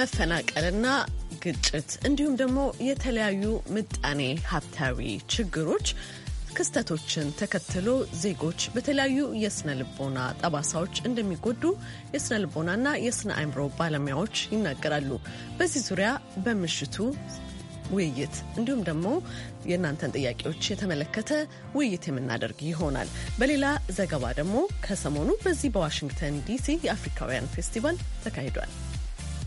መፈናቀልና ግጭት እንዲሁም ደግሞ የተለያዩ ምጣኔ ሀብታዊ ችግሮች ክስተቶችን ተከትሎ ዜጎች በተለያዩ የስነ ልቦና ጠባሳዎች እንደሚጎዱ የስነ ልቦናና የስነ አእምሮ ባለሙያዎች ይናገራሉ። በዚህ ዙሪያ በምሽቱ ውይይት እንዲሁም ደግሞ የእናንተን ጥያቄዎች የተመለከተ ውይይት የምናደርግ ይሆናል። በሌላ ዘገባ ደግሞ ከሰሞኑ በዚህ በዋሽንግተን ዲሲ የአፍሪካውያን ፌስቲቫል ተካሂዷል።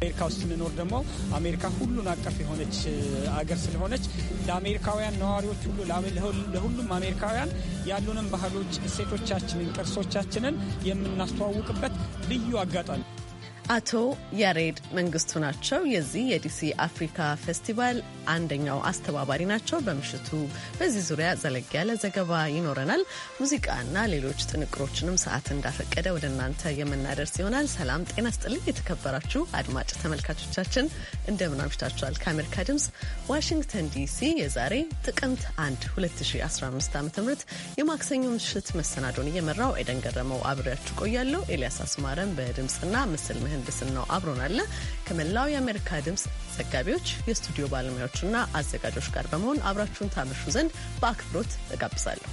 አሜሪካ ውስጥ ስንኖር ደግሞ አሜሪካ ሁሉን አቀፍ የሆነች አገር ስለሆነች ለአሜሪካውያን ነዋሪዎች ሁሉ ለሁሉም አሜሪካውያን ያሉንን ባህሎች፣ እሴቶቻችንን፣ ቅርሶቻችንን የምናስተዋውቅበት ልዩ አጋጣሚ አቶ ያሬድ መንግስቱ ናቸው። የዚህ የዲሲ አፍሪካ ፌስቲቫል አንደኛው አስተባባሪ ናቸው። በምሽቱ በዚህ ዙሪያ ዘለግ ያለ ዘገባ ይኖረናል። ሙዚቃና ሌሎች ጥንቅሮችንም ሰዓት እንዳፈቀደ ወደ እናንተ የምናደርስ ይሆናል። ሰላም ጤና ስጥልኝ። የተከበራችሁ አድማጭ ተመልካቾቻችን እንደምን አምሽታችኋል? ከአሜሪካ ድምጽ ዋሽንግተን ዲሲ የዛሬ ጥቅምት 1 2015 ዓ ም የማክሰኞ ምሽት መሰናዶን እየመራው ኤደን ገረመው አብሬያችሁ ቆያለሁ። ኤልያስ አስማረም በድምፅና ምስል በምህንድስናው አብሮን አለ። ከመላው የአሜሪካ ድምፅ ዘጋቢዎች፣ የስቱዲዮ ባለሙያዎችና አዘጋጆች ጋር በመሆን አብራችሁን ታመሹ ዘንድ በአክብሮት እጋብዛለሁ።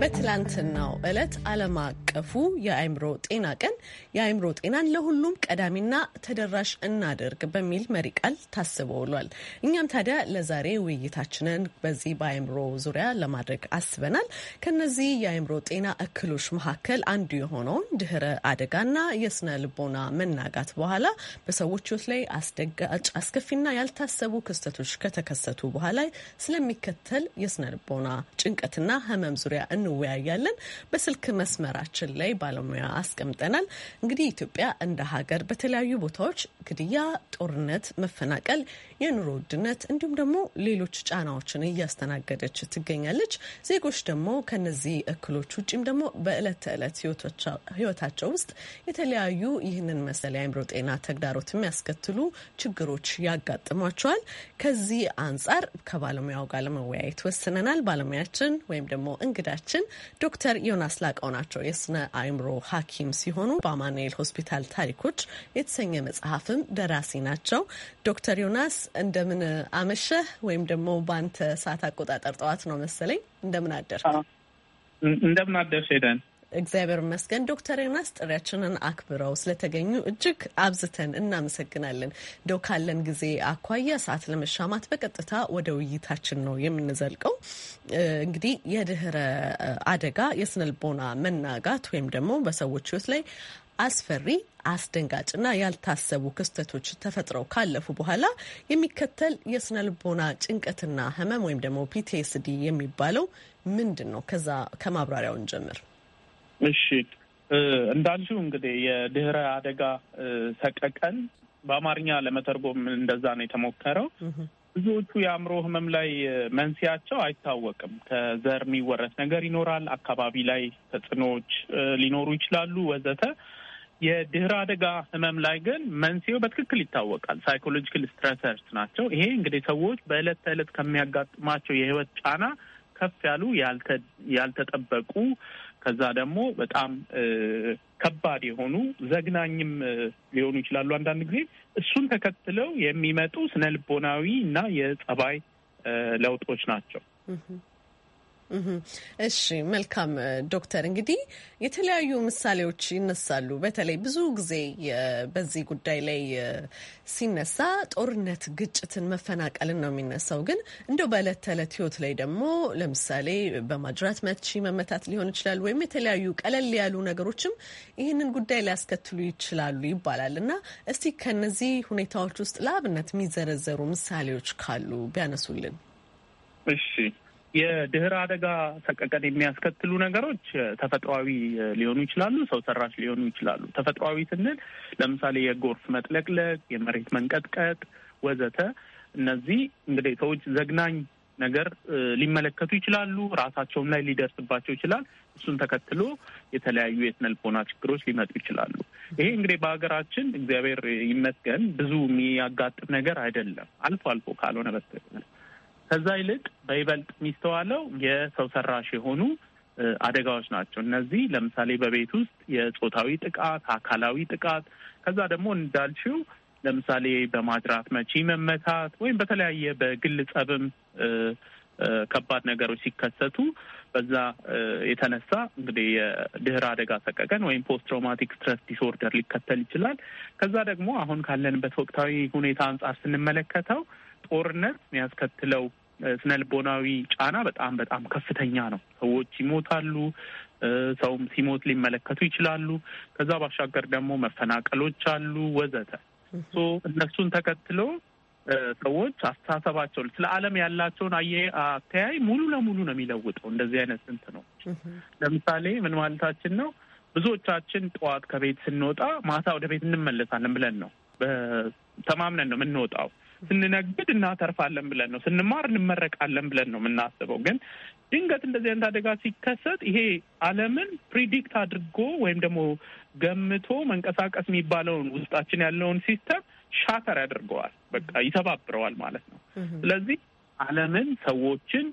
በትላንትናው ዕለት ዓለም አቀፉ የአእምሮ ጤና ቀን የአእምሮ ጤናን ለሁሉም ቀዳሚና ተደራሽ እናደርግ በሚል መሪ ቃል ታስቦ ውሏል። እኛም ታዲያ ለዛሬ ውይይታችንን በዚህ በአእምሮ ዙሪያ ለማድረግ አስበናል። ከነዚህ የአእምሮ ጤና እክሎች መካከል አንዱ የሆነውን ድህረ አደጋና የስነ ልቦና መናጋት በኋላ በሰዎች ሕይወት ላይ አስደጋጭ አስከፊና ያልታሰቡ ክስተቶች ከተከሰቱ በኋላ ስለሚከተል የስነ ልቦና ጭንቀትና ህመም ዙሪያ እንወያያለን። በስልክ መስመራችን ላይ ባለሙያ አስቀምጠናል። እንግዲህ ኢትዮጵያ እንደ ሀገር በተለያዩ ቦታዎች ግድያ፣ ጦርነት፣ መፈናቀል፣ የኑሮ ውድነት እንዲሁም ደግሞ ሌሎች ጫናዎችን እያስተናገደች ትገኛለች። ዜጎች ደግሞ ከነዚህ እክሎች ውጭም ደግሞ በዕለት ተዕለት ህይወታቸው ውስጥ የተለያዩ ይህንን መሰል የአእምሮ ጤና ተግዳሮት የሚያስከትሉ ችግሮች ያጋጥሟቸዋል። ከዚህ አንጻር ከባለሙያው ጋር ለመወያየት ወስነናል። ባለሙያችን ወይም ደግሞ እንግዳችን ዶክተር ዮናስ ላቀው ናቸው። የስነ አእምሮ ሐኪም ሲሆኑ አማኑኤል ሆስፒታል ታሪኮች የተሰኘ መጽሐፍም ደራሲ ናቸው። ዶክተር ዮናስ እንደምን አመሸህ? ወይም ደግሞ በአንተ ሰዓት አቆጣጠር ጠዋት ነው መሰለኝ። እንደምን አደርክ? እንደምን አደርሽ ሄደን እግዚአብሔር ይመስገን ዶክተር ዮናስ ጥሪያችንን አክብረው ስለተገኙ እጅግ አብዝተን እናመሰግናለን። እንደው ካለን ጊዜ አኳያ ሰዓት ለመሻማት በቀጥታ ወደ ውይይታችን ነው የምንዘልቀው። እንግዲህ የድህረ አደጋ የስነልቦና መናጋት ወይም ደግሞ በሰዎች ህይወት ላይ አስፈሪ አስደንጋጭና ያልታሰቡ ክስተቶች ተፈጥረው ካለፉ በኋላ የሚከተል የስነልቦና ጭንቀትና ህመም ወይም ደግሞ ፒቲኤስዲ የሚባለው ምንድን ነው? ከዛ ከማብራሪያውን ጀምር። እሺ እንዳልሽው እንግዲህ የድህረ አደጋ ሰቀቀን በአማርኛ ለመተርጎም እንደዛ ነው የተሞከረው። ብዙዎቹ የአእምሮ ህመም ላይ መንስያቸው አይታወቅም። ከዘር የሚወረስ ነገር ይኖራል፣ አካባቢ ላይ ተጽዕኖዎች ሊኖሩ ይችላሉ ወዘተ። የድህረ አደጋ ህመም ላይ ግን መንስኤው በትክክል ይታወቃል። ሳይኮሎጂካል ስትረሰርስ ናቸው። ይሄ እንግዲህ ሰዎች በዕለት ተዕለት ከሚያጋጥማቸው የህይወት ጫና ከፍ ያሉ ያልተጠበቁ ከዛ ደግሞ በጣም ከባድ የሆኑ ዘግናኝም ሊሆኑ ይችላሉ አንዳንድ ጊዜ። እሱን ተከትለው የሚመጡ ስነ ልቦናዊ እና የጸባይ ለውጦች ናቸው። እሺ መልካም ዶክተር፣ እንግዲህ የተለያዩ ምሳሌዎች ይነሳሉ። በተለይ ብዙ ጊዜ በዚህ ጉዳይ ላይ ሲነሳ ጦርነት፣ ግጭትን፣ መፈናቀልን ነው የሚነሳው። ግን እንደው በዕለት ተዕለት ህይወት ላይ ደግሞ ለምሳሌ በማጅራት መቺ መመታት ሊሆን ይችላል፣ ወይም የተለያዩ ቀለል ያሉ ነገሮችም ይህንን ጉዳይ ሊያስከትሉ ይችላሉ ይባላል እና እስቲ ከነዚህ ሁኔታዎች ውስጥ ለአብነት የሚዘረዘሩ ምሳሌዎች ካሉ ቢያነሱልን። እሺ የድህረ አደጋ ሰቀቀን የሚያስከትሉ ነገሮች ተፈጥሯዊ ሊሆኑ ይችላሉ፣ ሰው ሰራሽ ሊሆኑ ይችላሉ። ተፈጥሯዊ ስንል ለምሳሌ የጎርፍ መጥለቅለቅ፣ የመሬት መንቀጥቀጥ ወዘተ። እነዚህ እንግዲህ ሰዎች ዘግናኝ ነገር ሊመለከቱ ይችላሉ፣ ራሳቸውም ላይ ሊደርስባቸው ይችላል። እሱን ተከትሎ የተለያዩ የስነልቦና ችግሮች ሊመጡ ይችላሉ። ይሄ እንግዲህ በሀገራችን እግዚአብሔር ይመስገን ብዙ የሚያጋጥም ነገር አይደለም፣ አልፎ አልፎ ካልሆነ በስተቀር ከዛ ይልቅ በይበልጥ የሚስተዋለው የሰው ሰራሽ የሆኑ አደጋዎች ናቸው። እነዚህ ለምሳሌ በቤት ውስጥ የጾታዊ ጥቃት፣ አካላዊ ጥቃት ከዛ ደግሞ እንዳልችው ለምሳሌ በማጅራት መቺ መመታት ወይም በተለያየ በግል ጸብም ከባድ ነገሮች ሲከሰቱ በዛ የተነሳ እንግዲህ የድህረ አደጋ ሰቀቀን ወይም ፖስት ትራውማቲክ ስትረስ ዲስኦርደር ሊከተል ይችላል። ከዛ ደግሞ አሁን ካለንበት ወቅታዊ ሁኔታ አንጻር ስንመለከተው ጦርነት የሚያስከትለው ስነልቦናዊ ጫና በጣም በጣም ከፍተኛ ነው። ሰዎች ይሞታሉ። ሰውም ሲሞት ሊመለከቱ ይችላሉ። ከዛ ባሻገር ደግሞ መፈናቀሎች አሉ ወዘተ። እነሱን ተከትሎ ሰዎች አስተሳሰባቸውን ስለ ዓለም ያላቸውን አተያይ ሙሉ ለሙሉ ነው የሚለውጠው። እንደዚህ አይነት ስንት ነው። ለምሳሌ ምን ማለታችን ነው? ብዙዎቻችን ጠዋት ከቤት ስንወጣ ማታ ወደ ቤት እንመለሳለን ብለን ነው ተማምነን ነው የምንወጣው። ስንነግድ እናተርፋለን ብለን ነው፣ ስንማር እንመረቃለን ብለን ነው የምናስበው። ግን ድንገት እንደዚህ አይነት አደጋ ሲከሰት ይሄ ዓለምን ፕሪዲክት አድርጎ ወይም ደግሞ ገምቶ መንቀሳቀስ የሚባለውን ውስጣችን ያለውን ሲስተም ሻተር ያደርገዋል፣ በቃ ይሰባብረዋል ማለት ነው። ስለዚህ ዓለምን፣ ሰዎችን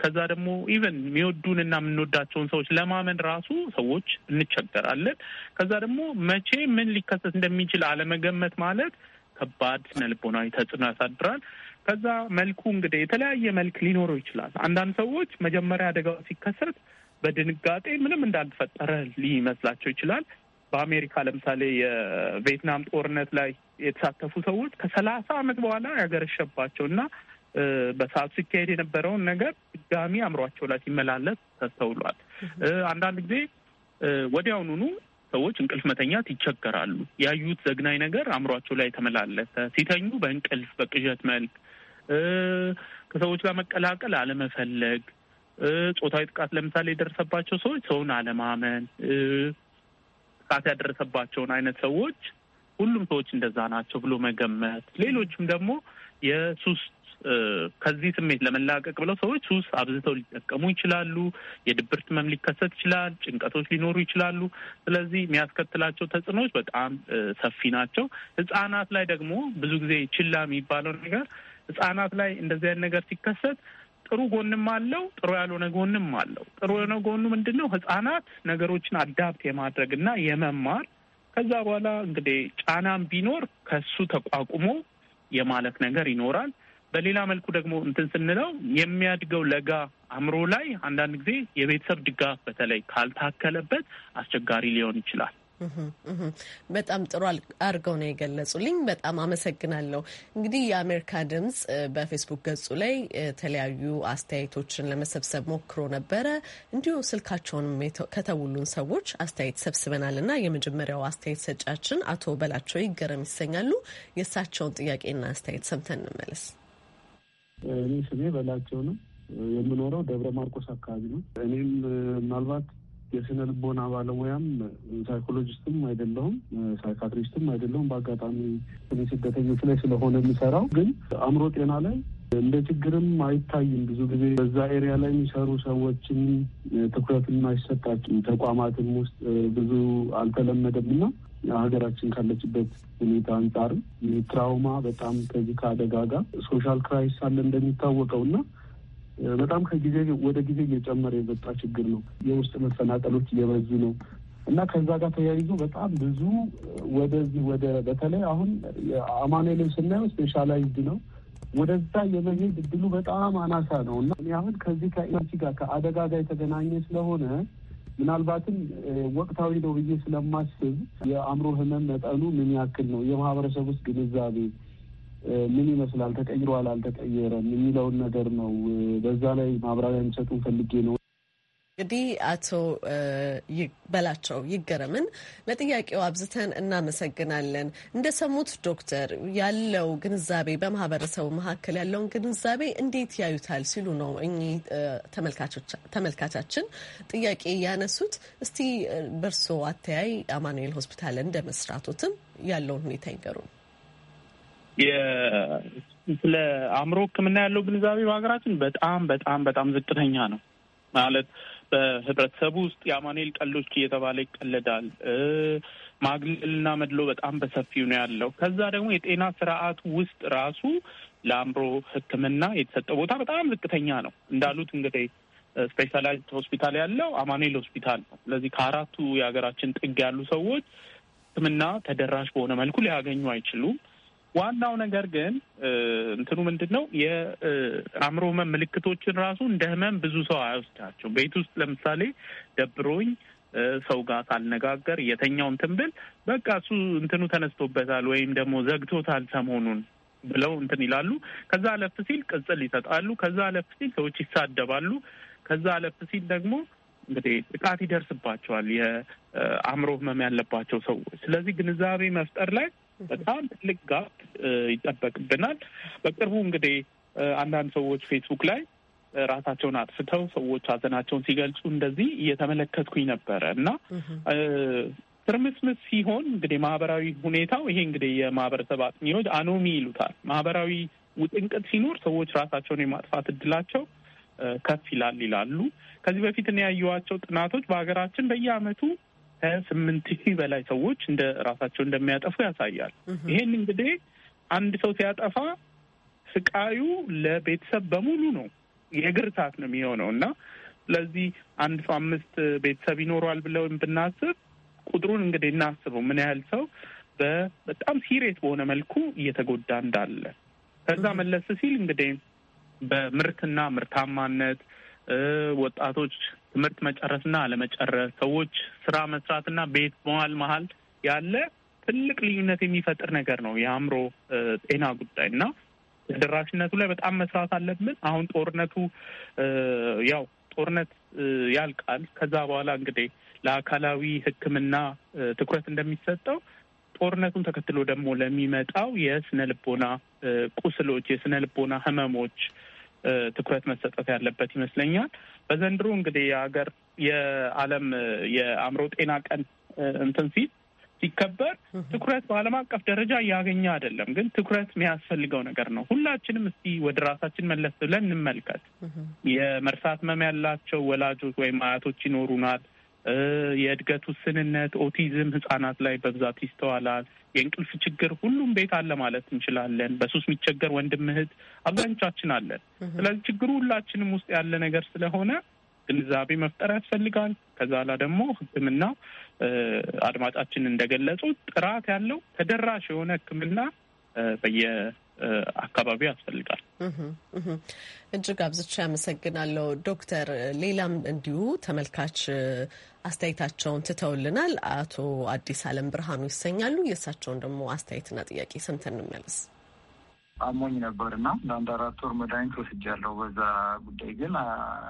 ከዛ ደግሞ ኢቨን የሚወዱን የምንወዳቸውን ሰዎች ለማመን ራሱ ሰዎች እንቸገራለን። ከዛ ደግሞ መቼ ምን ሊከሰት እንደሚችል አለመገመት ማለት ከባድ ስነልቦናዊ ተጽዕኖ ያሳድራል። ከዛ መልኩ እንግዲህ የተለያየ መልክ ሊኖረው ይችላል። አንዳንድ ሰዎች መጀመሪያ አደጋው ሲከሰት በድንጋጤ ምንም እንዳልተፈጠረ ሊመስላቸው ይችላል። በአሜሪካ ለምሳሌ የቪየትናም ጦርነት ላይ የተሳተፉ ሰዎች ከሰላሳ ዓመት በኋላ ያገረሸባቸው እና በሰዓቱ ሲካሄድ የነበረውን ነገር ድጋሚ አእምሯቸው ላይ ሲመላለስ ተስተውሏል። አንዳንድ ጊዜ ወዲያውኑኑ ሰዎች እንቅልፍ መተኛት ይቸገራሉ። ያዩት ዘግናኝ ነገር አእምሯቸው ላይ ተመላለሰ። ሲተኙ በእንቅልፍ በቅዠት መልክ ከሰዎች ጋር መቀላቀል አለመፈለግ፣ ጾታዊ ጥቃት ለምሳሌ የደረሰባቸው ሰዎች ሰውን አለማመን፣ ጥቃት ያደረሰባቸውን አይነት ሰዎች ሁሉም ሰዎች እንደዛ ናቸው ብሎ መገመት፣ ሌሎችም ደግሞ የሱስ ከዚህ ስሜት ለመላቀቅ ብለው ሰዎች ሱስ አብዝተው ሊጠቀሙ ይችላሉ። የድብርት መም ሊከሰት ይችላል። ጭንቀቶች ሊኖሩ ይችላሉ። ስለዚህ የሚያስከትላቸው ተጽዕኖዎች በጣም ሰፊ ናቸው። ህጻናት ላይ ደግሞ ብዙ ጊዜ ችላ የሚባለው ነገር ህጻናት ላይ እንደዚህ አይነት ነገር ሲከሰት ጥሩ ጎንም አለው፣ ጥሩ ያልሆነ ጎንም አለው። ጥሩ የሆነ ጎኑ ምንድን ነው? ህጻናት ነገሮችን አዳፕት የማድረግ እና የመማር ከዛ በኋላ እንግዲህ ጫናም ቢኖር ከሱ ተቋቁሞ የማለፍ ነገር ይኖራል። በሌላ መልኩ ደግሞ እንትን ስንለው የሚያድገው ለጋ አእምሮ ላይ አንዳንድ ጊዜ የቤተሰብ ድጋፍ በተለይ ካልታከለበት አስቸጋሪ ሊሆን ይችላል። በጣም ጥሩ አድርገው ነው የገለጹልኝ። በጣም አመሰግናለሁ። እንግዲህ የአሜሪካ ድምጽ በፌስቡክ ገጹ ላይ የተለያዩ አስተያየቶችን ለመሰብሰብ ሞክሮ ነበረ። እንዲሁ ስልካቸውንም ከተውሉን ሰዎች አስተያየት ሰብስበናል እና የመጀመሪያው አስተያየት ሰጫችን አቶ በላቸው ይገረም ይሰኛሉ። የእሳቸውን ጥያቄና አስተያየት ሰምተን እንመለስ። እኔ ስሜ በላቸው ነው። የምኖረው ደብረ ማርቆስ አካባቢ ነው። እኔም ምናልባት የስነ ልቦና ባለሙያም ሳይኮሎጂስትም አይደለሁም፣ ሳይካትሪስትም አይደለሁም። በአጋጣሚ እኔ ስደተኞች ላይ ስለሆነ የሚሰራው ግን አእምሮ ጤና ላይ እንደ ችግርም አይታይም። ብዙ ጊዜ በዛ ኤሪያ ላይ የሚሰሩ ሰዎችም ትኩረትም አይሰጣቸውም። ተቋማትም ውስጥ ብዙ አልተለመደም እና ሀገራችን ካለችበት ሁኔታ አንጻር ትራውማ በጣም ከዚህ ከአደጋ ጋር ሶሻል ክራይስ አለ እንደሚታወቀው እና በጣም ከጊዜ ወደ ጊዜ እየጨመረ የመጣ ችግር ነው። የውስጥ መፈናቀሎች እየበዙ ነው እና ከዛ ጋር ተያይዞ በጣም ብዙ ወደዚህ ወደ በተለይ አሁን አማኑኤልን ስናየው ስፔሻላይዝድ ነው። ወደዛ የመሄድ እድሉ በጣም አናሳ ነው እና አሁን ከዚህ ከኤንሲ ጋር ከአደጋ ጋር የተገናኘ ስለሆነ ምናልባትም ወቅታዊ ነው ብዬ ስለማስብ የአእምሮ ህመም መጠኑ ምን ያክል ነው፣ የማህበረሰብ ውስጥ ግንዛቤ ምን ይመስላል፣ ተቀይሯል አልተቀየረም የሚለውን ነገር ነው። በዛ ላይ ማብራሪያ የሚሰጡን ፈልጌ ነው። እንግዲህ አቶ በላቸው ይገረምን ለጥያቄው አብዝተን እናመሰግናለን። እንደሰሙት ዶክተር ያለው ግንዛቤ በማህበረሰቡ መካከል ያለውን ግንዛቤ እንዴት ያዩታል ሲሉ ነው እኚህ ተመልካቻችን ጥያቄ ያነሱት። እስቲ በርሶ አተያይ አማኑኤል ሆስፒታል እንደ መስራቶትም ያለውን ሁኔታ ይንገሩን። ስለ አእምሮ ሕክምና ያለው ግንዛቤ በሀገራችን በጣም በጣም በጣም ዝቅተኛ ነው ማለት በህብረተሰቡ ውስጥ የአማኑኤል ቀልዶች እየተባለ ይቀለዳል። ማግለልና መድሎ በጣም በሰፊው ነው ያለው። ከዛ ደግሞ የጤና ስርዓት ውስጥ ራሱ ለአእምሮ ሕክምና የተሰጠው ቦታ በጣም ዝቅተኛ ነው። እንዳሉት እንግዲህ ስፔሻላይዝድ ሆስፒታል ያለው አማኑኤል ሆስፒታል ነው። ስለዚህ ከአራቱ የሀገራችን ጥግ ያሉ ሰዎች ሕክምና ተደራሽ በሆነ መልኩ ሊያገኙ አይችሉም። ዋናው ነገር ግን እንትኑ ምንድን ነው የአእምሮ ህመም ምልክቶችን ራሱ እንደ ህመም ብዙ ሰው አይወስዳቸው። ቤት ውስጥ ለምሳሌ ደብሮኝ ሰው ጋር ሳልነጋገር እየተኛውን ትንብል በቃ እሱ እንትኑ ተነስቶበታል ወይም ደግሞ ዘግቶታል ሰሞኑን ብለው እንትን ይላሉ። ከዛ አለፍ ሲል ቅጽል ይሰጣሉ። ከዛ አለፍ ሲል ሰዎች ይሳደባሉ። ከዛ አለፍ ሲል ደግሞ እንግዲህ ጥቃት ይደርስባቸዋል የአእምሮ ህመም ያለባቸው ሰዎች። ስለዚህ ግንዛቤ መፍጠር ላይ በጣም ትልቅ ጋፕ ይጠበቅብናል። በቅርቡ እንግዲህ አንዳንድ ሰዎች ፌስቡክ ላይ ራሳቸውን አጥፍተው ሰዎች ሀዘናቸውን ሲገልጹ እንደዚህ እየተመለከትኩኝ ነበረ እና ትርምስምስ ሲሆን እንግዲህ ማህበራዊ ሁኔታው ይሄ እንግዲህ የማህበረሰብ አጥኚዎች አኖሚ ይሉታል። ማህበራዊ ውጥንቅጥ ሲኖር ሰዎች ራሳቸውን የማጥፋት እድላቸው ከፍ ይላል ይላሉ። ከዚህ በፊት እኔ ያየኋቸው ጥናቶች በሀገራችን በየአመቱ። ከስምንት ሺህ በላይ ሰዎች እንደ ራሳቸው እንደሚያጠፉ ያሳያል። ይሄን እንግዲህ አንድ ሰው ሲያጠፋ ስቃዩ ለቤተሰብ በሙሉ ነው፣ የእግር እሳት ነው የሚሆነው እና ስለዚህ አንድ ሰው አምስት ቤተሰብ ይኖረዋል ብለው ብናስብ ቁጥሩን እንግዲህ እናስበው ምን ያህል ሰው በጣም ሲሪየስ በሆነ መልኩ እየተጎዳ እንዳለ ከዛ መለስ ሲል እንግዲህ በምርትና ምርታማነት ወጣቶች ትምህርት መጨረስና አለመጨረስ፣ ሰዎች ስራ መስራትና ቤት መዋል መሀል ያለ ትልቅ ልዩነት የሚፈጥር ነገር ነው የአእምሮ ጤና ጉዳይ እና ተደራሽነቱ ላይ በጣም መስራት አለብን። አሁን ጦርነቱ ያው ጦርነት ያልቃል። ከዛ በኋላ እንግዲህ ለአካላዊ ሕክምና ትኩረት እንደሚሰጠው ጦርነቱን ተከትሎ ደግሞ ለሚመጣው የስነ ልቦና ቁስሎች፣ የስነ ልቦና ህመሞች ትኩረት መሰጠት ያለበት ይመስለኛል። በዘንድሮ እንግዲህ የሀገር የዓለም የአእምሮ ጤና ቀን እንትን ሲል ሲከበር ትኩረት በዓለም አቀፍ ደረጃ እያገኘ አይደለም፣ ግን ትኩረት የሚያስፈልገው ነገር ነው። ሁላችንም እስቲ ወደ ራሳችን መለስ ብለን እንመልከት። የመርሳት ህመም ያላቸው ወላጆች ወይም አያቶች ይኖሩናል። የእድገት ውስንነት፣ ኦቲዝም ህጻናት ላይ በብዛት ይስተዋላል። የእንቅልፍ ችግር ሁሉም ቤት አለ ማለት እንችላለን። በሱስ የሚቸገር ወንድም እህት አብዛኞቻችን አለን። ስለዚህ ችግሩ ሁላችንም ውስጥ ያለ ነገር ስለሆነ ግንዛቤ መፍጠር ያስፈልጋል። ከዛ ላ ደግሞ ህክምና አድማጫችን እንደገለጹት ጥራት ያለው ተደራሽ የሆነ ህክምና በየ አካባቢ ያስፈልጋል። እጅግ አብዝቼ ያመሰግናለሁ ዶክተር። ሌላም እንዲሁ ተመልካች አስተያየታቸውን ትተውልናል። አቶ አዲስ አለም ብርሃኑ ይሰኛሉ። የእሳቸውን ደግሞ አስተያየትና ጥያቄ ሰምተን እንመለስ። አሞኝ ነበር እና ለአንድ አራት ወር መድኃኒት ወስጃለሁ። በዛ ጉዳይ ግን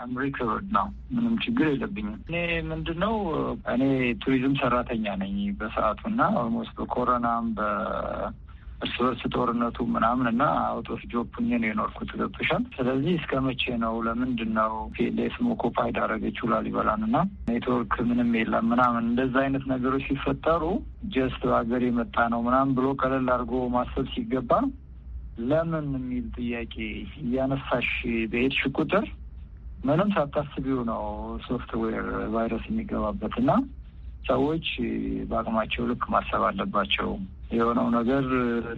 አምሪክርድ ነው፣ ምንም ችግር የለብኝም። እኔ ምንድን ነው እኔ ቱሪዝም ሰራተኛ ነኝ በሰዓቱ እና ኦልሞስት በኮሮናም እርስ በርስ ጦርነቱ ምናምን እና አውቶስ ጆፑኝ ነው የኖርኩት ገብሻል። ስለዚህ እስከ መቼ ነው ለምንድን ነው ፒኤልኤፍም ኦኮፓይድ አደረገችው ላሊበላን እና ኔትወርክ ምንም የለም ምናምን እንደዚ አይነት ነገሮች ሲፈጠሩ ጀስት በሀገር የመጣ ነው ምናምን ብሎ ቀለል አድርጎ ማሰብ ሲገባ ለምን የሚል ጥያቄ እያነሳሽ በሄድሽ ቁጥር ምንም ሳታስቢው ነው ሶፍትዌር ቫይረስ የሚገባበት እና ሰዎች በአቅማቸው ልክ ማሰብ አለባቸው። የሆነው ነገር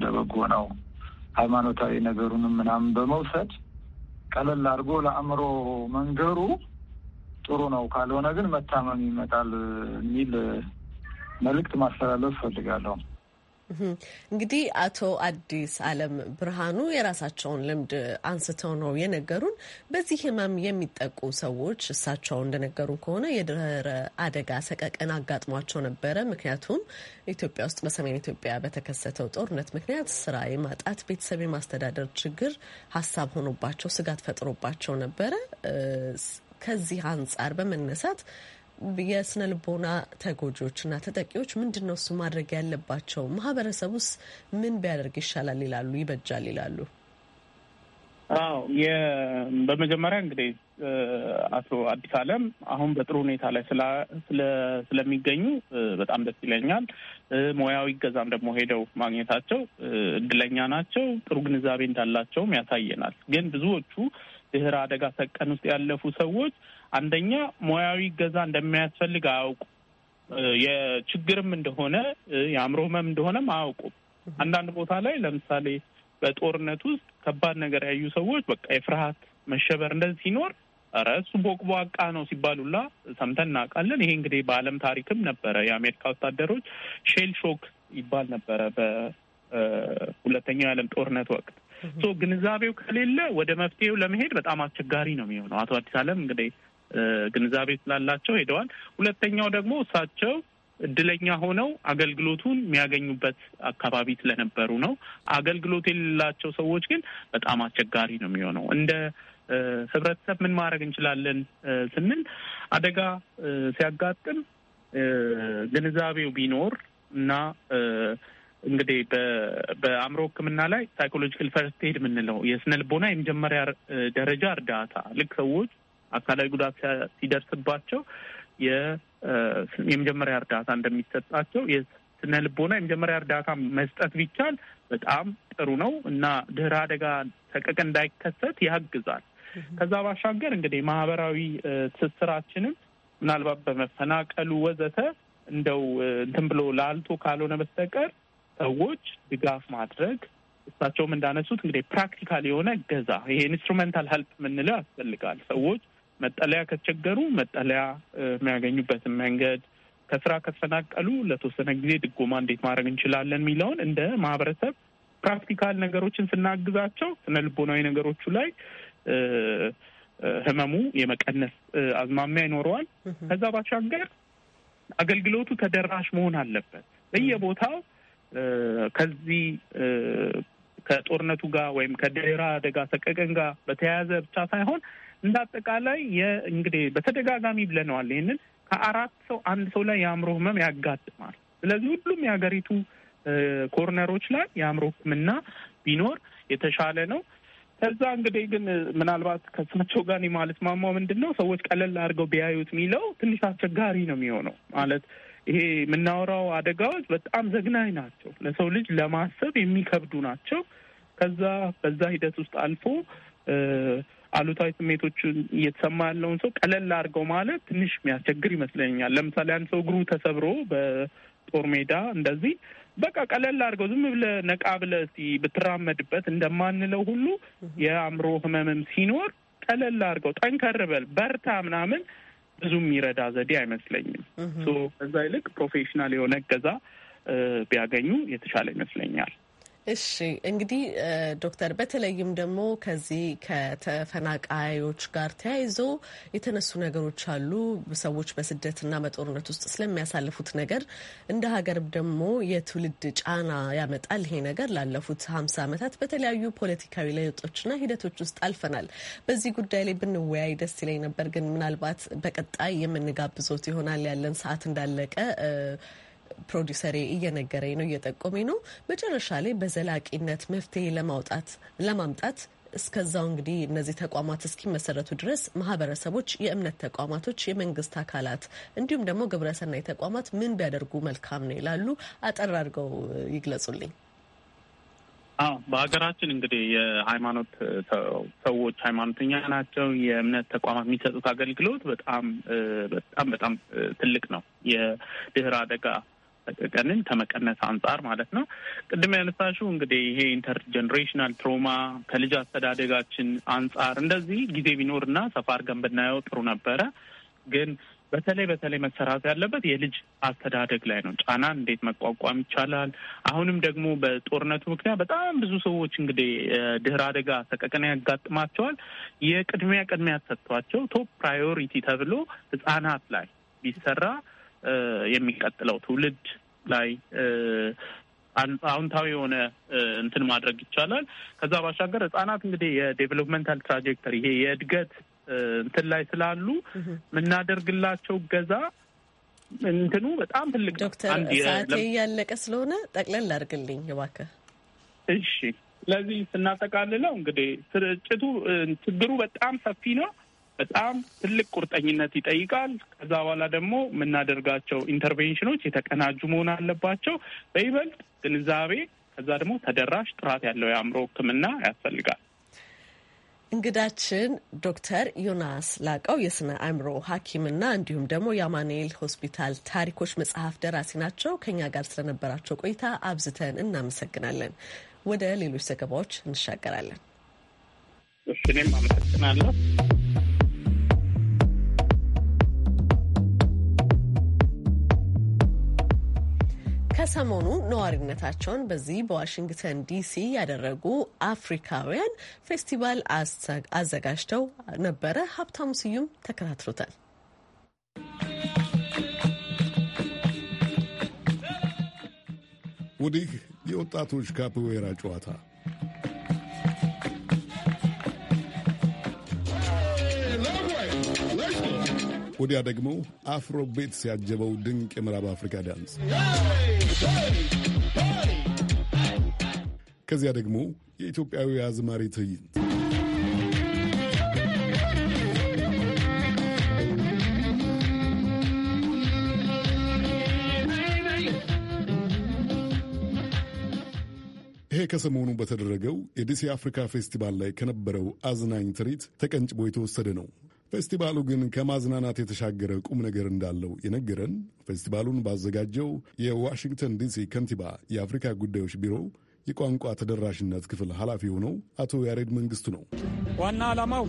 ለበጎ ነው። ሃይማኖታዊ ነገሩንም ምናምን በመውሰድ ቀለል አድርጎ ለአእምሮ መንገሩ ጥሩ ነው። ካልሆነ ግን መታመም ይመጣል የሚል መልእክት ማስተላለፍ እፈልጋለሁ። እንግዲህ አቶ አዲስ አለም ብርሃኑ የራሳቸውን ልምድ አንስተው ነው የነገሩን። በዚህ ህመም የሚጠቁ ሰዎች እሳቸው እንደነገሩ ከሆነ የድህረ አደጋ ሰቀቀን አጋጥሟቸው ነበረ። ምክንያቱም ኢትዮጵያ ውስጥ በሰሜን ኢትዮጵያ በተከሰተው ጦርነት ምክንያት ስራ የማጣት ቤተሰብ የማስተዳደር ችግር ሀሳብ ሆኖባቸው ስጋት ፈጥሮባቸው ነበረ። ከዚህ አንጻር በመነሳት የስነ ልቦና እና ተጠቂዎች ምንድን ነው እሱ ማድረግ ያለባቸው? ማህበረሰቡስ ምን ቢያደርግ ይሻላል ይላሉ ይበጃል ይላሉ? አዎ በመጀመሪያ እንግዲህ አቶ አዲስ አለም አሁን በጥሩ ሁኔታ ላይ ስለሚገኙ በጣም ደስ ይለኛል። ሙያዊ እገዛም ደግሞ ሄደው ማግኘታቸው እድለኛ ናቸው። ጥሩ ግንዛቤ እንዳላቸውም ያሳየናል። ግን ብዙዎቹ ድህረ አደጋ ሰቀን ውስጥ ያለፉ ሰዎች አንደኛ ሙያዊ ገዛ እንደሚያስፈልግ አያውቁም። የችግርም እንደሆነ የአእምሮ ህመም እንደሆነም አያውቁም። አንዳንድ ቦታ ላይ ለምሳሌ በጦርነት ውስጥ ከባድ ነገር ያዩ ሰዎች በቃ የፍርሃት መሸበር እንደዚህ ሲኖር ኧረ እሱ ቦቅቧቃ ነው ሲባሉላ ሰምተን እናውቃለን። ይሄ እንግዲህ በዓለም ታሪክም ነበረ። የአሜሪካ ወታደሮች ሼል ሾክ ይባል ነበረ በሁለተኛው የዓለም ጦርነት ወቅት። ግንዛቤው ከሌለ ወደ መፍትሄው ለመሄድ በጣም አስቸጋሪ ነው የሚሆነው። አቶ አዲስ አለም እንግዲህ ግንዛቤ ስላላቸው ሄደዋል። ሁለተኛው ደግሞ እሳቸው እድለኛ ሆነው አገልግሎቱን የሚያገኙበት አካባቢ ስለነበሩ ነው። አገልግሎት የሌላቸው ሰዎች ግን በጣም አስቸጋሪ ነው የሚሆነው። እንደ ህብረተሰብ ምን ማድረግ እንችላለን ስንል አደጋ ሲያጋጥም ግንዛቤው ቢኖር እና እንግዲህ በአእምሮ ሕክምና ላይ ሳይኮሎጂካል ፈርስት ኤድ የምንለው የስነ ልቦና የመጀመሪያ ደረጃ እርዳታ ልክ ሰዎች አካላዊ ጉዳት ሲደርስባቸው የመጀመሪያ እርዳታ እንደሚሰጣቸው ስነ ልቦና የመጀመሪያ እርዳታ መስጠት ቢቻል በጣም ጥሩ ነው እና ድህረ አደጋ ሰቀቅ እንዳይከሰት ያግዛል። ከዛ ባሻገር እንግዲህ ማህበራዊ ትስስራችንም ምናልባት በመፈናቀሉ ወዘተ እንደው እንትን ብሎ ላልቶ ካልሆነ በስተቀር ሰዎች ድጋፍ ማድረግ እሳቸውም እንዳነሱት እንግዲህ ፕራክቲካል የሆነ እገዛ ይሄ ኢንስትሩሜንታል ሀልፕ የምንለው ያስፈልጋል። ሰዎች መጠለያ ከተቸገሩ መጠለያ የሚያገኙበትን መንገድ፣ ከስራ ከተፈናቀሉ ለተወሰነ ጊዜ ድጎማ እንዴት ማድረግ እንችላለን የሚለውን እንደ ማህበረሰብ ፕራክቲካል ነገሮችን ስናግዛቸው ስነ ልቦናዊ ነገሮቹ ላይ ህመሙ የመቀነስ አዝማሚያ ይኖረዋል። ከዛ ባሻገር አገልግሎቱ ተደራሽ መሆን አለበት በየቦታው ከዚህ ከጦርነቱ ጋር ወይም ከደራ አደጋ ሰቀቀን ጋር በተያያዘ ብቻ ሳይሆን እንደ አጠቃላይ እንግዲህ በተደጋጋሚ ብለነዋል። ይህንን ከአራት ሰው አንድ ሰው ላይ የአእምሮ ህመም ያጋጥማል። ስለዚህ ሁሉም የሀገሪቱ ኮርነሮች ላይ የአእምሮ ህክምና ቢኖር የተሻለ ነው። ከዛ እንግዲህ ግን ምናልባት ከስማቸው ጋር ማለት ማማ ምንድን ነው ሰዎች ቀለል አድርገው ቢያዩት የሚለው ትንሽ አስቸጋሪ ነው የሚሆነው ማለት ይሄ የምናወራው አደጋዎች በጣም ዘግናኝ ናቸው። ለሰው ልጅ ለማሰብ የሚከብዱ ናቸው። ከዛ በዛ ሂደት ውስጥ አልፎ አሉታዊ ስሜቶችን እየተሰማ ያለውን ሰው ቀለል አድርገው ማለት ትንሽ የሚያስቸግር ይመስለኛል። ለምሳሌ አንድ ሰው እግሩ ተሰብሮ በጦር ሜዳ እንደዚህ በቃ ቀለል አድርገው ዝም ብለህ ነቃ ብለህ ብትራመድበት እንደማንለው ሁሉ የአእምሮ ህመምም ሲኖር ቀለል አድርገው ጠንከር በል በርታ ምናምን ብዙ የሚረዳ ዘዴ አይመስለኝም። ከዛ ይልቅ ፕሮፌሽናል የሆነ እገዛ ቢያገኙ የተሻለ ይመስለኛል። እሺ እንግዲህ ዶክተር በተለይም ደግሞ ከዚህ ከተፈናቃዮች ጋር ተያይዞ የተነሱ ነገሮች አሉ። ሰዎች በስደትና በጦርነት ውስጥ ስለሚያሳልፉት ነገር እንደ ሀገር ደግሞ የትውልድ ጫና ያመጣል። ይሄ ነገር ላለፉት ሀምሳ ዓመታት በተለያዩ ፖለቲካዊ ለውጦችና ሂደቶች ውስጥ አልፈናል። በዚህ ጉዳይ ላይ ብንወያይ ደስ ይለኝ ነበር፣ ግን ምናልባት በቀጣይ የምንጋብዞት ይሆናል። ያለን ሰዓት እንዳለቀ ፕሮዲሰሬ እየነገረኝ ነው፣ እየጠቆመኝ ነው። መጨረሻ ላይ በዘላቂነት መፍትሄ ለማውጣት ለማምጣት እስከዛው እንግዲህ እነዚህ ተቋማት እስኪመሰረቱ ድረስ ማህበረሰቦች፣ የእምነት ተቋማቶች፣ የመንግስት አካላት እንዲሁም ደግሞ ግብረሰናይ ተቋማት ምን ቢያደርጉ መልካም ነው ይላሉ? አጠር አድርገው ይግለጹልኝ። አዎ በሀገራችን እንግዲህ የሃይማኖት ሰዎች ሃይማኖተኛ ናቸው። የእምነት ተቋማት የሚሰጡት አገልግሎት በጣም በጣም በጣም ትልቅ ነው። የድህረ አደጋ ቀንን ከመቀነስ አንጻር ማለት ነው። ቅድም ያነሳሽው እንግዲህ ይሄ ኢንተርጀኔሬሽናል ትሮማ ከልጅ አስተዳደጋችን አንጻር እንደዚህ ጊዜ ቢኖርና ሰፋ አድርገን ብናየው ጥሩ ነበረ ግን በተለይ በተለይ መሰራት ያለበት የልጅ አስተዳደግ ላይ ነው። ጫናን እንዴት መቋቋም ይቻላል? አሁንም ደግሞ በጦርነቱ ምክንያት በጣም ብዙ ሰዎች እንግዲህ ድህረ አደጋ ሰቀቀን ያጋጥማቸዋል። የቅድሚያ ቅድሚያ ሰጥቷቸው ቶፕ ፕራዮሪቲ ተብሎ ህጻናት ላይ ቢሰራ የሚቀጥለው ትውልድ ላይ አዎንታዊ የሆነ እንትን ማድረግ ይቻላል። ከዛ ባሻገር ህጻናት እንግዲህ የዴቨሎፕመንታል ትራጀክተሪ ይሄ የእድገት እንትን ላይ ስላሉ የምናደርግላቸው እገዛ እንትኑ በጣም ትልቅ ዶክተር ሰዓቴ እያለቀ ስለሆነ ጠቅለል አድርግልኝ እባክህ። እሺ፣ ስለዚህ ስናጠቃልለው እንግዲህ ስርጭቱ ችግሩ በጣም ሰፊ ነው። በጣም ትልቅ ቁርጠኝነት ይጠይቃል። ከዛ በኋላ ደግሞ የምናደርጋቸው ኢንተርቬንሽኖች የተቀናጁ መሆን አለባቸው። በይበልጥ ግንዛቤ፣ ከዛ ደግሞ ተደራሽ ጥራት ያለው የአእምሮ ሕክምና ያስፈልጋል። እንግዳችን ዶክተር ዮናስ ላቀው የስነ አእምሮ ሐኪምና እንዲሁም ደግሞ የአማኑኤል ሆስፒታል ታሪኮች መጽሐፍ ደራሲ ናቸው። ከኛ ጋር ስለነበራቸው ቆይታ አብዝተን እናመሰግናለን። ወደ ሌሎች ዘገባዎች እንሻገራለን። እኔም አመሰግናለሁ። ከሰሞኑ ነዋሪነታቸውን በዚህ በዋሽንግተን ዲሲ ያደረጉ አፍሪካውያን ፌስቲቫል አዘጋጅተው ነበረ። ሀብታሙ ስዩም ተከታትሎታል። ወዲህ የወጣቶች ካፕዌራ ጨዋታ ወዲያ ደግሞ አፍሮ ቤት ሲያጀበው ድንቅ የምዕራብ አፍሪካ ዳንስ፣ ከዚያ ደግሞ የኢትዮጵያዊ አዝማሪ ትዕይንት ይሄ ከሰሞኑ በተደረገው የዲሲ አፍሪካ ፌስቲቫል ላይ ከነበረው አዝናኝ ትርኢት ተቀንጭቦ የተወሰደ ነው። ፌስቲቫሉ ግን ከማዝናናት የተሻገረ ቁም ነገር እንዳለው የነገረን ፌስቲቫሉን ባዘጋጀው የዋሽንግተን ዲሲ ከንቲባ የአፍሪካ ጉዳዮች ቢሮ የቋንቋ ተደራሽነት ክፍል ኃላፊ የሆነው አቶ ያሬድ መንግስቱ ነው። ዋና ዓላማው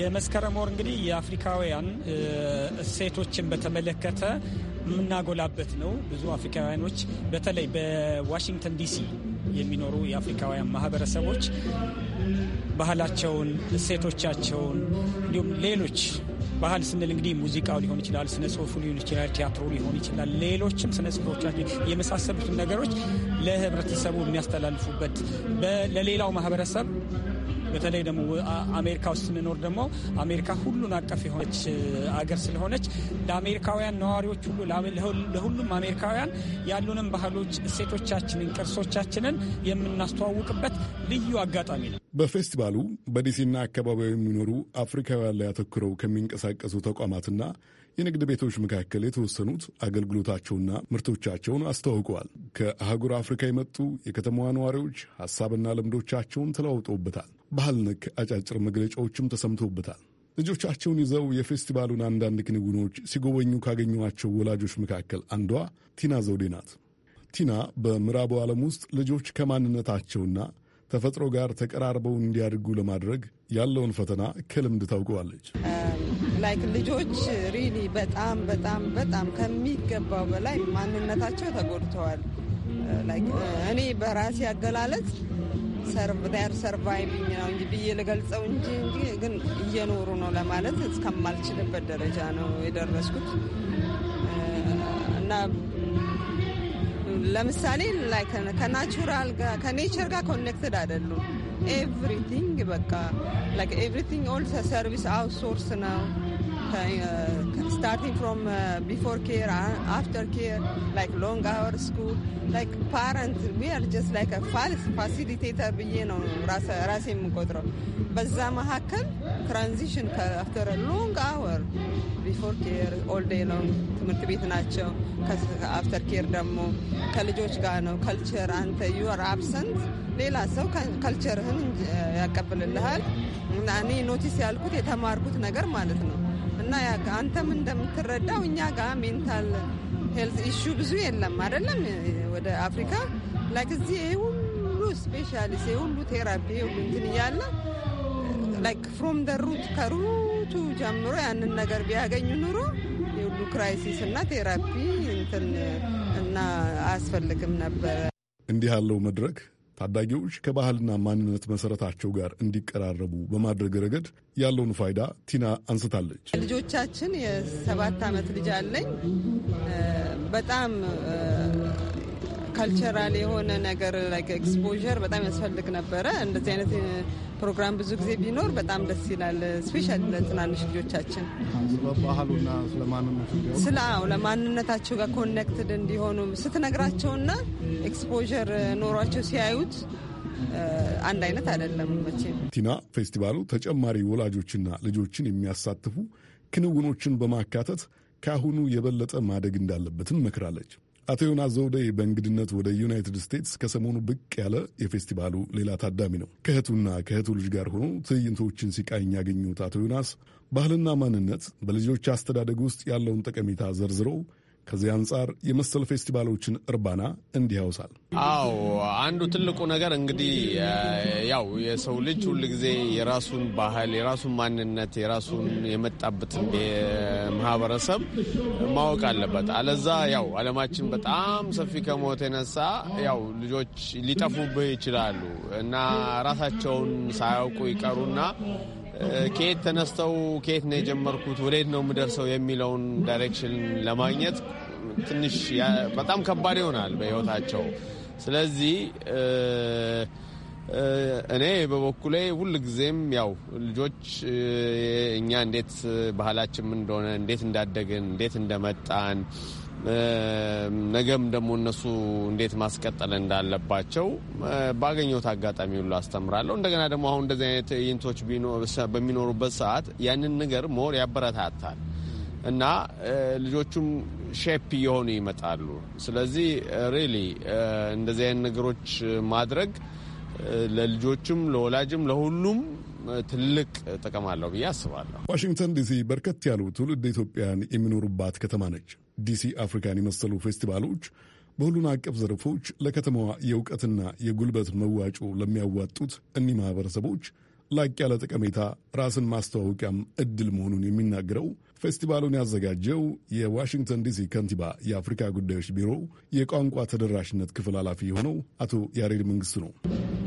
የመስከረም ወር እንግዲህ የአፍሪካውያን እሴቶችን በተመለከተ የምናጎላበት ነው። ብዙ አፍሪካውያኖች በተለይ በዋሽንግተን ዲሲ የሚኖሩ የአፍሪካውያን ማህበረሰቦች ባህላቸውን፣ እሴቶቻቸውን እንዲሁም ሌሎች ባህል ስንል እንግዲህ ሙዚቃው ሊሆን ይችላል፣ ስነ ጽሁፉ ሊሆን ይችላል፣ ቲያትሩ ሊሆን ይችላል፣ ሌሎችም ስነ ጽሁፎቻቸው የመሳሰሉትን ነገሮች ለህብረተሰቡ የሚያስተላልፉበት ለሌላው ማህበረሰብ በተለይ ደግሞ አሜሪካ ውስጥ ስንኖር ደግሞ አሜሪካ ሁሉን አቀፍ የሆነች አገር ስለሆነች ለአሜሪካውያን ነዋሪዎች ሁሉ ለሁሉም አሜሪካውያን ያሉንም ባህሎች፣ እሴቶቻችንን፣ ቅርሶቻችንን የምናስተዋውቅበት ልዩ አጋጣሚ ነው። በፌስቲቫሉ በዲሲና አካባቢው የሚኖሩ አፍሪካውያን ላይ አተኩረው ከሚንቀሳቀሱ ተቋማትና የንግድ ቤቶች መካከል የተወሰኑት አገልግሎታቸውና ምርቶቻቸውን አስተዋውቀዋል። ከአህጉር አፍሪካ የመጡ የከተማዋ ነዋሪዎች ሀሳብና ልምዶቻቸውን ተለዋውጠውበታል። ባህል ነክ አጫጭር መግለጫዎችም ተሰምተውበታል። ልጆቻቸውን ይዘው የፌስቲቫሉን አንዳንድ ክንውኖች ሲጎበኙ ካገኟቸው ወላጆች መካከል አንዷ ቲና ዘውዴ ናት። ቲና በምዕራቡ ዓለም ውስጥ ልጆች ከማንነታቸውና ተፈጥሮ ጋር ተቀራርበው እንዲያድጉ ለማድረግ ያለውን ፈተና ከልምድ ታውቀዋለች። ላይክ um, ልጆች ሪሊ በጣም በጣም በጣም ከሚገባው በላይ ማንነታቸው ተጎድተዋል። uh, uh, እኔ በራሴ አገላለጽ ር ሰርቫይቪንግ ነው እንጂ ብዬ ልገልጸው እንጂ እንጂ ግን እየኖሩ ነው ለማለት እስከማልችልበት ደረጃ ነው የደረስኩት እና ለምሳሌ ከናቹራል ጋር ከኔቸር ጋር ኮኔክትድ አይደሉም። ኤቭሪቲንግ በቃ ኤቭሪቲንግ ኦል ሰርቪስ አውትሶርስ ነው። uh, starting from uh, before care, uh, after care, like long hour school, like parents, we are just like a facilitator ብዬ ነው ራሴ የምቆጥረው። በዛ መካከል ትራንዚሽን አፍተር ሎንግ አወር ቢፎር ኬር ኦል ዴይ ሎንግ ትምህርት ቤት ናቸው። አፍተር ኬር ደግሞ ከልጆች ጋር ነው። ከልቸር አንተ ዩር አብሰንት ሌላ ሰው ከልቸርህን ያቀብልልሃል። እና እኔ ኖቲስ ያልኩት የተማርኩት ነገር ማለት ነው እና አንተም እንደምትረዳው እኛ ጋር ሜንታል ሄልዝ ኢሹ ብዙ የለም አይደለም። ወደ አፍሪካ ላይክ እዚህ ይሄ ሁሉ ስፔሻሊስት ይሄ ሁሉ ቴራፒ ይሄ ሁሉ እንትን እያለ ላይክ ፍሮም ደ ሩት ከሩቱ ጀምሮ ያንን ነገር ቢያገኙ ኑሮ የሁሉ ክራይሲስ እና ቴራፒ እንትን እና አያስፈልግም ነበረ እንዲህ ያለው መድረክ ታዳጊዎች ከባህልና ማንነት መሰረታቸው ጋር እንዲቀራረቡ በማድረግ ረገድ ያለውን ፋይዳ ቲና አንስታለች። ልጆቻችን የሰባት ዓመት ልጅ አለኝ በጣም ካልቸራል የሆነ ነገር ኤክስፖዠር በጣም ያስፈልግ ነበረ። እንደዚህ አይነት uh, ፕሮግራም ብዙ ጊዜ ቢኖር በጣም ደስ ይላል። ስፔሻል ለትናንሽ ልጆቻችን ስለ ለማንነታቸው ጋር ኮኔክትድ እንዲሆኑ ስትነግራቸውና ኤክስፖዠር ኖሯቸው ሲያዩት uh, አንድ አይነት አይደለም መቼም። ቲና ፌስቲቫሉ ተጨማሪ ወላጆችና ልጆችን የሚያሳትፉ ክንውኖችን በማካተት ከአሁኑ የበለጠ ማደግ እንዳለበትም መክራለች። አቶ ዮናስ ዘውዴ በእንግድነት ወደ ዩናይትድ ስቴትስ ከሰሞኑ ብቅ ያለ የፌስቲቫሉ ሌላ ታዳሚ ነው። ከእህቱና ከእህቱ ልጅ ጋር ሆኖ ትዕይንቶችን ሲቃኝ ያገኙት አቶ ዮናስ ባህልና ማንነት በልጆች አስተዳደግ ውስጥ ያለውን ጠቀሜታ ዘርዝረው ከዚህ አንጻር የመሰል ፌስቲቫሎችን እርባና እንዲህ ያውሳል። አዎ አንዱ ትልቁ ነገር እንግዲህ ያው የሰው ልጅ ሁል ጊዜ የራሱን ባህል፣ የራሱን ማንነት፣ የራሱን የመጣበትን ማህበረሰብ ማወቅ አለበት። አለዛ ያው አለማችን በጣም ሰፊ ከመሆት የነሳ ያው ልጆች ሊጠፉብህ ይችላሉ እና ራሳቸውን ሳያውቁ ይቀሩና ከየት ተነስተው ከየት ነው የጀመርኩት፣ ወዴት ነው የምደርሰው የሚለውን ዳይሬክሽን ለማግኘት ትንሽ በጣም ከባድ ይሆናል በህይወታቸው። ስለዚህ እኔ በበኩሌ ሁል ጊዜም ያው ልጆች እኛ እንዴት ባህላችን ምን እንደሆነ እንዴት እንዳደግን እንዴት እንደመጣን ነገም ደግሞ እነሱ እንዴት ማስቀጠል እንዳለባቸው ባገኘሁት አጋጣሚ ሁሉ አስተምራለሁ። እንደገና ደግሞ አሁን እንደዚህ አይነት ትዕይንቶች በሚኖሩበት ሰዓት ያንን ነገር ሞር ያበረታታል እና ልጆቹም ሼፕ እየሆኑ ይመጣሉ። ስለዚህ ሪሊ እንደዚህ አይነት ነገሮች ማድረግ ለልጆችም ለወላጅም ለሁሉም ትልቅ ጥቅም አለው ብዬ አስባለሁ። ዋሽንግተን ዲሲ በርከት ያሉ ትውልድ ኢትዮጵያን የሚኖሩባት ከተማ ነች። ዲሲ አፍሪካን የመሰሉ ፌስቲቫሎች በሁሉን አቀፍ ዘርፎች ለከተማዋ የእውቀትና የጉልበት መዋጮ ለሚያዋጡት እኒህ ማህበረሰቦች ላቅ ያለ ጠቀሜታ ራስን ማስተዋወቂያም እድል መሆኑን የሚናገረው ፌስቲቫሉን ያዘጋጀው የዋሽንግተን ዲሲ ከንቲባ የአፍሪካ ጉዳዮች ቢሮ የቋንቋ ተደራሽነት ክፍል ኃላፊ የሆነው አቶ ያሬድ መንግስት ነው።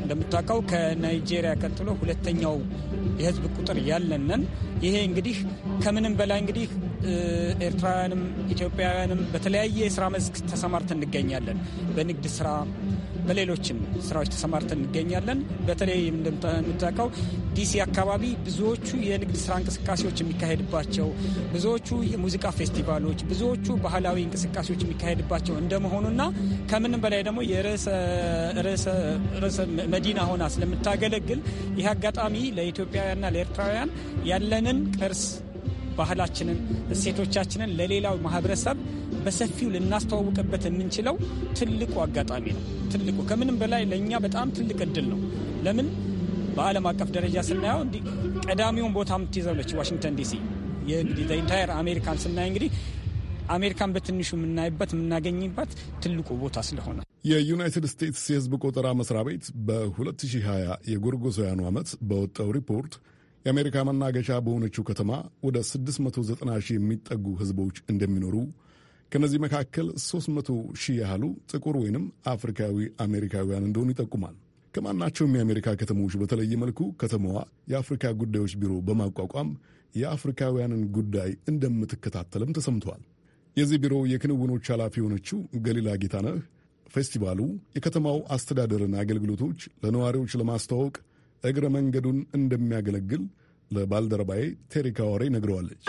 እንደምታውቀው ከናይጄሪያ ቀጥሎ ሁለተኛው የህዝብ ቁጥር ያለንን ይሄ እንግዲህ ከምንም በላይ እንግዲህ ኤርትራውያንም ኢትዮጵያውያንም በተለያየ የስራ መስክ ተሰማርተን እንገኛለን። በንግድ ስራ በሌሎችም ስራዎች ተሰማርተን እንገኛለን። በተለይ እንደምታውቀው ዲሲ አካባቢ ብዙዎቹ የንግድ ስራ እንቅስቃሴዎች የሚካሄድባቸው፣ ብዙዎቹ የሙዚቃ ፌስቲቫሎች፣ ብዙዎቹ ባህላዊ እንቅስቃሴዎች የሚካሄድባቸው እንደመሆኑና ከምንም በላይ ደግሞ የርዕሰ መዲና ሆና ስለምታገለግል ይህ አጋጣሚ ለኢትዮጵያውያንና ለኤርትራውያን ያለንን ቅርስ ባህላችንን፣ እሴቶቻችንን ለሌላው ማህበረሰብ በሰፊው ልናስተዋውቅበት የምንችለው ትልቁ አጋጣሚ ነው። ትልቁ ከምንም በላይ ለእኛ በጣም ትልቅ እድል ነው። ለምን በዓለም አቀፍ ደረጃ ስናየው እንዲህ ቀዳሚውን ቦታ የምትይዘው ነች ዋሽንግተን ዲሲ። እንግዲህ ኢንታየር አሜሪካን ስናይ እንግዲህ አሜሪካን በትንሹ የምናይበት የምናገኝበት ትልቁ ቦታ ስለሆነ የዩናይትድ ስቴትስ የሕዝብ ቆጠራ መስሪያ ቤት በ2020 የጎርጎሳውያኑ ዓመት በወጣው ሪፖርት የአሜሪካ መናገሻ በሆነችው ከተማ ወደ 690 ሺህ የሚጠጉ ህዝቦች እንደሚኖሩ ከነዚህ መካከል 300 ሺህ ያህሉ ጥቁር ወይንም አፍሪካዊ አሜሪካውያን እንደሆኑ ይጠቁማል። ከማናቸውም የአሜሪካ ከተሞች በተለየ መልኩ ከተማዋ የአፍሪካ ጉዳዮች ቢሮ በማቋቋም የአፍሪካውያንን ጉዳይ እንደምትከታተልም ተሰምተዋል። የዚህ ቢሮ የክንውኖች ኃላፊ የሆነችው ገሊላ ጌታነህ ፌስቲቫሉ የከተማው አስተዳደርን አገልግሎቶች ለነዋሪዎች ለማስተዋወቅ እግረ መንገዱን እንደሚያገለግል ለባልደረባዬ ቴሪካ ወሬ ነግረዋለች።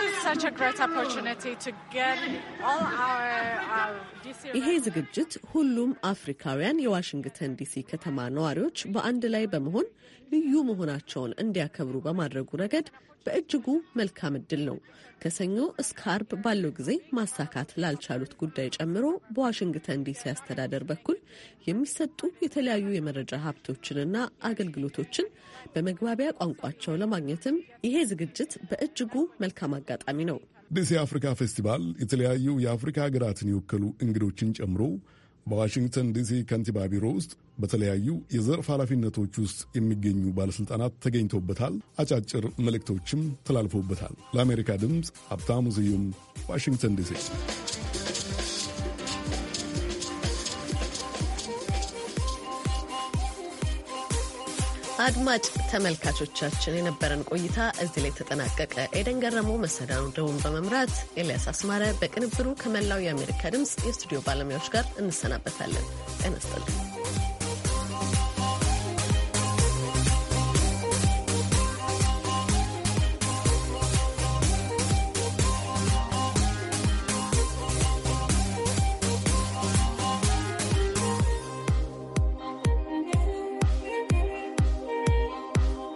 ይሄ ዝግጅት ሁሉም አፍሪካውያን የዋሽንግተን ዲሲ ከተማ ነዋሪዎች በአንድ ላይ በመሆን ልዩ መሆናቸውን እንዲያከብሩ በማድረጉ ረገድ በእጅጉ መልካም እድል ነው። ከሰኞ እስከ አርብ ባለው ጊዜ ማሳካት ላልቻሉት ጉዳይ ጨምሮ በዋሽንግተን ዲሲ አስተዳደር በኩል የሚሰጡ የተለያዩ የመረጃ ሀብቶችንና አገልግሎቶችን በመግባቢያ ቋንቋቸው ለማግኘትም ይሄ ዝግጅት በእጅጉ መልካም አጋጣሚ ነው። ዲሲ አፍሪካ ፌስቲቫል የተለያዩ የአፍሪካ ሀገራትን የወከሉ እንግዶችን ጨምሮ በዋሽንግተን ዲሲ ከንቲባ ቢሮ ውስጥ በተለያዩ የዘርፍ ኃላፊነቶች ውስጥ የሚገኙ ባለሥልጣናት ተገኝተውበታል። አጫጭር መልእክቶችም ተላልፈውበታል። ለአሜሪካ ድምፅ ሀብታሙ ስዩም ዋሽንግተን ዲሲ አድማጭ ተመልካቾቻችን የነበረን ቆይታ እዚህ ላይ ተጠናቀቀ። ኤደን መሰዳኑ መሰናዶውን በመምራት ኤልያስ አስማረ በቅንብሩ ከመላው የአሜሪካ ድምፅ የስቱዲዮ ባለሙያዎች ጋር እንሰናበታለን። ጤና ይስጥልኝ።